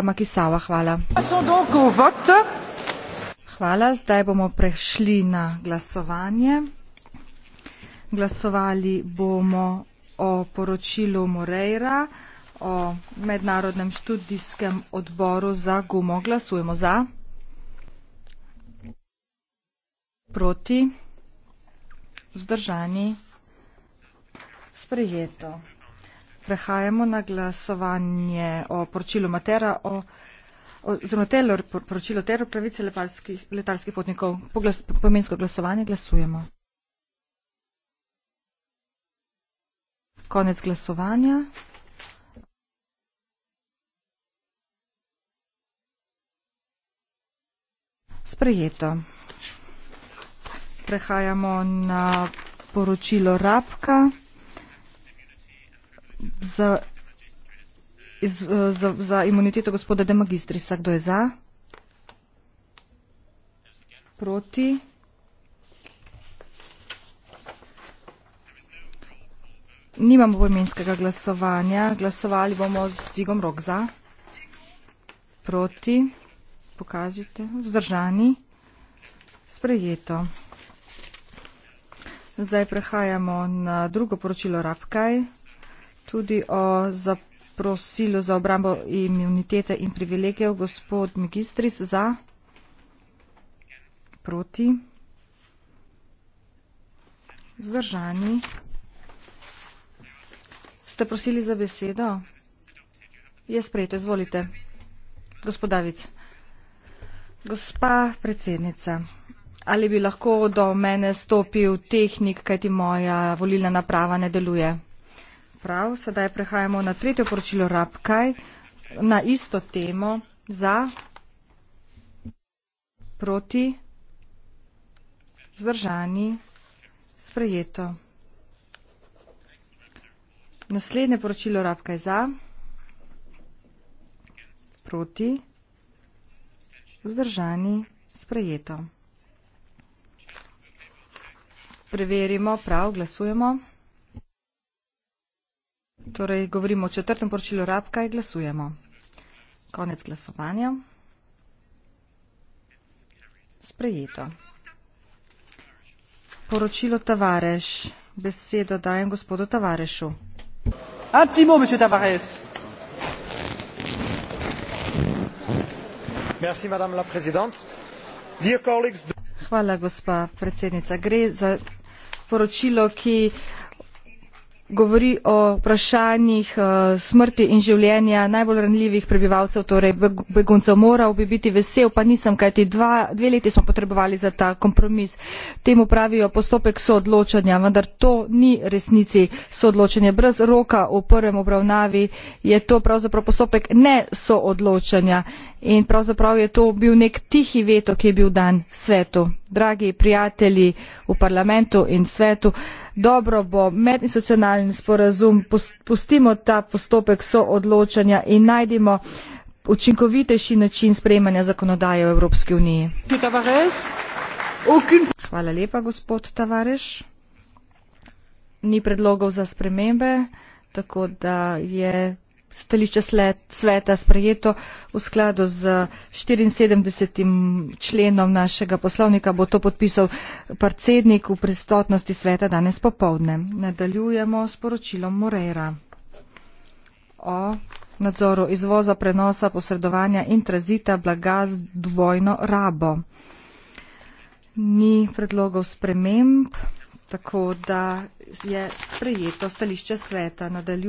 Makisava, hvala. Hvala, zdaj bomo prešli na glasovanje. Glasovali bomo o poročilu Moreira, o mednarodnem študijskem odboru za gumo. Glasujemo za. Proti. Zdržani. Sprejeto. Prehajamo na glasovanje o poročilu Matera, o, oziroma Taylor, poročilo Taylor pravice letalskih potnikov. Po glas, pomensko glasovanje glasujemo. Konec glasovanja. Sprejeto. Prehajamo na poročilo Rabka za, iz, eh, za, za imuniteto gospoda De Magistrisa. Kdo je za? Proti? Nimamo vojmenskega glasovanja. Glasovali bomo z digom rok za. Proti? Pokažite. Zdržani? Sprejeto. Zdaj prehajamo na drugo poročilo Rapkaj tudi o zaprosilu za obrambo imunitete in privilegijev. Gospod Magistris za, proti, vzdržani. Ste prosili za besedo? Je sprejeto, izvolite. Gospodavic. Gospa predsednica, ali bi lahko do mene stopil tehnik, kajti moja volilna naprava ne deluje? prav. Sedaj prehajamo na tretjo poročilo Rabkaj na isto temo za, proti, vzdržani, sprejeto. Naslednje poročilo Rabkaj za, proti, vzdržani, sprejeto. Preverimo, prav, glasujemo. Torej, govorimo o četrtem poročilu Rabka in glasujemo. Konec glasovanja. Sprejeto. Poročilo Tavareš. Besedo dajem gospodu Tavarešu. Hvala, gospa predsednica. Gre za poročilo, ki govori o vprašanjih uh, smrti in življenja najbolj ranljivih prebivalcev, torej beguncev. Moral bi biti vesel, pa nisem, kajti dva, dve leti smo potrebovali za ta kompromis. Temu pravijo postopek soodločanja, vendar to ni resnici soodločanje. Brez roka v prvem obravnavi je to pravzaprav postopek ne soodločanja in pravzaprav je to bil nek tihi veto, ki je bil dan svetu dragi prijatelji v parlamentu in svetu, dobro bo medinstitucionalni sporazum, pustimo ta postopek soodločanja in najdimo učinkovitejši način sprejemanja zakonodaje v Evropski uniji. Hvala lepa, gospod Tavareš. Ni predlogov za spremembe, tako da je stališče sveta sprejeto v skladu z 74. členom našega poslovnika, bo to podpisal predsednik v prisotnosti sveta danes popovdne. Nadaljujemo s poročilom Morera o nadzoru izvoza, prenosa, posredovanja in tranzita blaga z dvojno rabo. Ni predlogov sprememb, tako da je sprejeto stališče sveta. Nadaljujemo